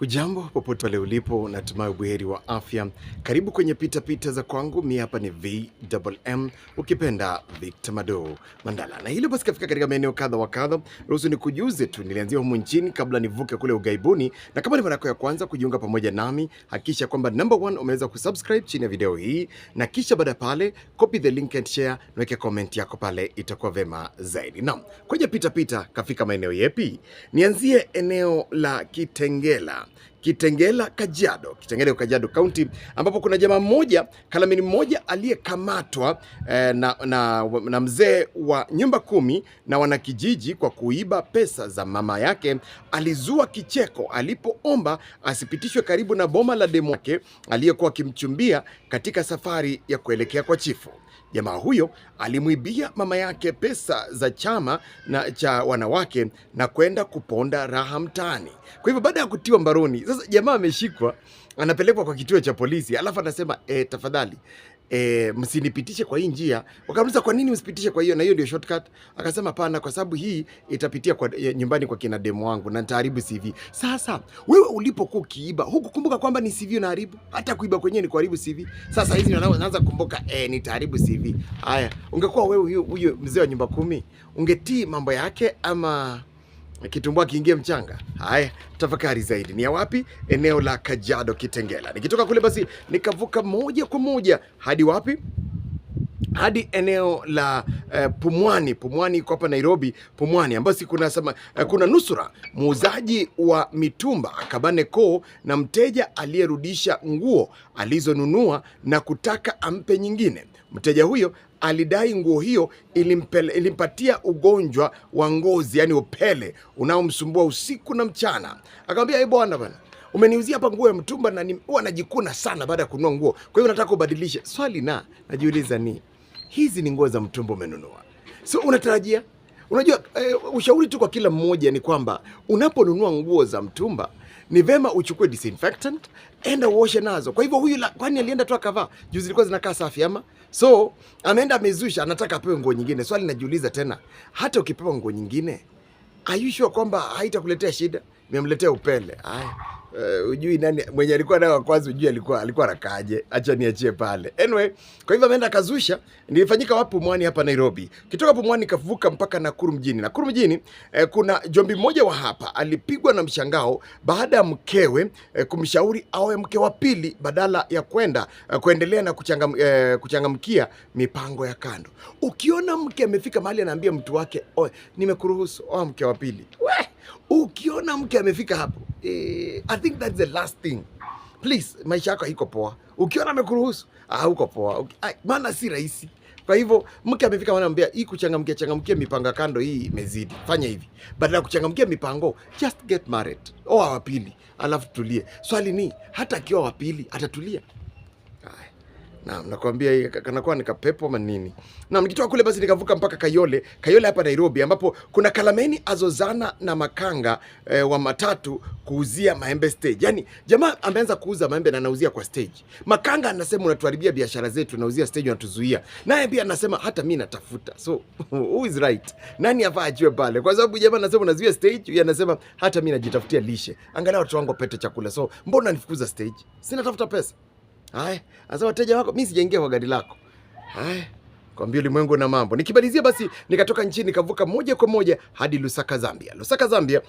Hujambo popote pale ulipo, natumai buheri wa afya. Karibu kwenye pita pita za kwangu. Mi hapa ni VMM, ukipenda Victor Mado Mandala, na hilo basi kafika katika maeneo kadha wa kadha. Ruhusu ni kujuze tu, nilianzia humu nchini kabla nivuke kule ugaibuni, na kama ni mara yako ya kwanza kujiunga pamoja nami, hakikisha kwamba number one umeweza kusubscribe chini ya video hii, na kisha baada pale copy the link and share, naweke comment yako pale, itakuwa vema zaidi. Naam, kwenye pita pita kafika maeneo yepi? Nianzie eneo la Kitengela Kitengela Kajiado, Kitengela Kajiado County, ambapo kuna jamaa mmoja, kalamini mmoja aliyekamatwa eh, na, na, na mzee wa nyumba kumi na wanakijiji kwa kuiba pesa za mama yake. Alizua kicheko alipoomba asipitishwe karibu na boma la demu yake aliyekuwa akimchumbia katika safari ya kuelekea kwa chifu. Jamaa huyo alimwibia mama yake pesa za chama na cha wanawake na kwenda kuponda raha mtaani. Kwa hivyo baada ya kutiwa mbaroni, sasa jamaa ameshikwa, anapelekwa kwa kituo cha polisi, alafu anasema eh, tafadhali eh, msinipitishe kwa hii njia. Wakamuliza, kwa nini msipitishe kwa hiyo, na hiyo ndio shortcut. Akasema pana, kwa sababu hii itapitia kwa eh, nyumbani kwa kina demo wangu na nitaharibu CV. Sasa wewe ulipokuwa ukiiba hukukumbuka kwamba ni CV unaharibu? Hata kuiba kwenyewe ni kuharibu CV. Sasa hizi naanza kukumbuka eh, nitaharibu CV. Haya, ungekuwa wewe huyo mzee wa nyumba kumi, ungetii mambo yake ama kitumbua kiingie mchanga. Haya, tafakari zaidi, ni ya wapi? Eneo la kajado Kitengela. Nikitoka kule basi nikavuka moja kwa moja hadi wapi? hadi eneo la uh, Pumwani. Pumwani iko hapa Nairobi, Pumwani ambasi kuna sama, uh, kuna nusura muuzaji wa mitumba Kabaneko na mteja aliyerudisha nguo alizonunua na kutaka ampe nyingine. Mteja huyo alidai nguo hiyo ilimpele, ilimpatia ugonjwa wa ngozi, yani upele unaomsumbua usiku na mchana. Akamwambia, hey bwana bwana umeniuzia hapa nguo ya mtumba na huwa najikuna sana baada ya kununua nguo, kwa hiyo nataka kubadilisha. Swali na najiuliza ni hizi ni nguo za mtumba umenunua, so unatarajia Unajua e, ushauri tu kwa kila mmoja ni kwamba unaponunua nguo za mtumba ni vema uchukue disinfectant, enda uoshe nazo. Kwa hivyo huyu kwani alienda tu akavaa juu zilikuwa zinakaa safi ama? So ameenda amezusha, anataka apewe nguo nyingine. Swali najiuliza tena, hata ukipewa nguo nyingine, are you sure kwamba haitakuletea shida? Memletea upele. Aya. Uh, eh, ujui nani mwenye alikuwa naye wa kwanza, ujui alikuwa alikuwa rakaje, acha niachie pale. Anyway, kwa hivyo ameenda kazusha, nilifanyika wapi Pumwani hapa Nairobi. Kitoka Pumwani kavuka mpaka Nakuru mjini. Nakuru mjini eh, kuna jombi mmoja wa hapa alipigwa na mshangao baada ya mkewe eh, kumshauri awe mke wa pili badala ya kwenda eh, kuendelea na kuchangam, eh, kuchangamkia mipango ya kando. Ukiona mke amefika mahali anaambia mtu wake, "Oe, nimekuruhusu oa mke wa pili." We, ukiona mke amefika hapo eh, I think that's the last thing. Please, maisha yako haiko poa. Ukiona amekuruhusu, ah, uko poa. Maana si rahisi. Kwa hivyo mke amefika, anamwambia hii kuchangamkia changamkia mipango kando, hii imezidi, fanya hivi. Badala ya kuchangamkia mipango, just get married. Oa wa pili, alafu tulie. Swali ni hata akiwa wa pili atatulia? Naam, nakwambia kanakuwa ni kapepo ama nini. Naam, nikitoka kule basi nikavuka mpaka Kayole, Kayole hapa Nairobi ambapo kuna Kalameni azozana na makanga e, wa matatu kuuzia maembe stage. Yaani jamaa ameanza kuuza maembe na anauzia kwa stage. Makanga anasema unatuharibia biashara zetu, unauzia stage unatuzuia. Naye pia anasema hata mimi natafuta. So who is right? Nani hapa ajue pale? Kwa sababu jamaa anasema unazuia stage, yeye anasema hata mimi najitafutia lishe. Angalau watu wangu pete chakula. So mbona nifukuza stage? Sina tafuta pesa. Haya, asa wateja wako, mimi sijaingia kwa gari lako. Haya, kwambia ulimwengu na mambo. nikibalizia basi, nikatoka nchini nikavuka moja kwa moja hadi Lusaka, Zambia. Lusaka, Zambia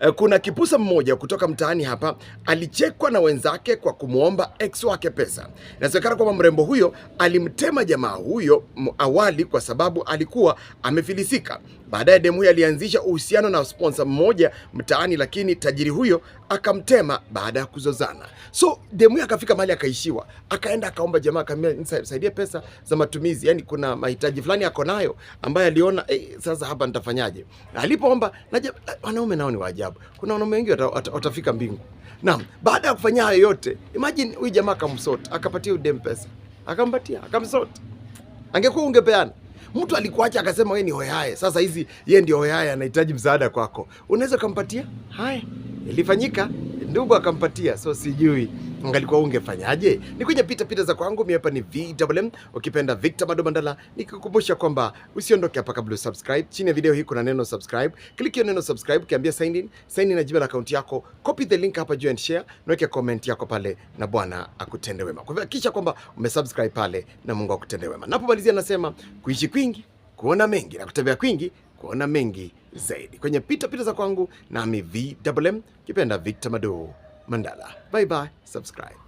Eh, kuna kipusa mmoja kutoka mtaani hapa alichekwa na wenzake kwa kumwomba ex wake pesa. Inasemekana kwamba mrembo huyo alimtema jamaa huyo awali kwa sababu alikuwa amefilisika. Baadaye demu huyo alianzisha uhusiano na sponsa mmoja mtaani, lakini tajiri huyo akamtema baada ya kuzozana. So demu huyo akafika mahali akaishiwa, akaenda akaomba jamaa, akamwambia nisaidie pesa za matumizi, yani kuna mahitaji fulani ako nayo ambaye aliona eh, sasa hapa nitafanyaje? Alipoomba na wanaume nao ni waja ajabu. Kuna wanaume wengi watafika mbingu. Naam, baada ya kufanya hayo yote, imagine huyu jamaa akamsort, akapatia udem pesa, akampatia, akamsort. Angekuwa ungepeana mtu alikuacha akasema wewe ni hoyaye. Sasa hizi yeye ndio hoyaye, anahitaji msaada kwako, unaweza ukampatia. Haya ilifanyika, ndugu akampatia, so sijui ungalikuwa mm-hmm. ungefanyaje? Ni kwenye pita pita za kwangu, mimi hapa ni VMM, ukipenda Victor Mado Mandala, nikikukumbusha kwamba usiondoke hapa kabla subscribe. Chini ya video hii kuna neno subscribe, click hiyo neno subscribe, kiambia sign in, sign in na jina la akaunti yako, copy the link hapa juu and share, naweke comment yako pale, na Bwana akutende wema. Kwa hivyo kisha kwamba umesubscribe pale, na Mungu akutende wema. Napomalizia nasema kuishi kwingi kuona mengi na kutembea kwingi kuona mengi zaidi. Kwenye pita pita za kwangu, nami VMM, kipenda Victor Mado. Mandela. Bye bye. Subscribe.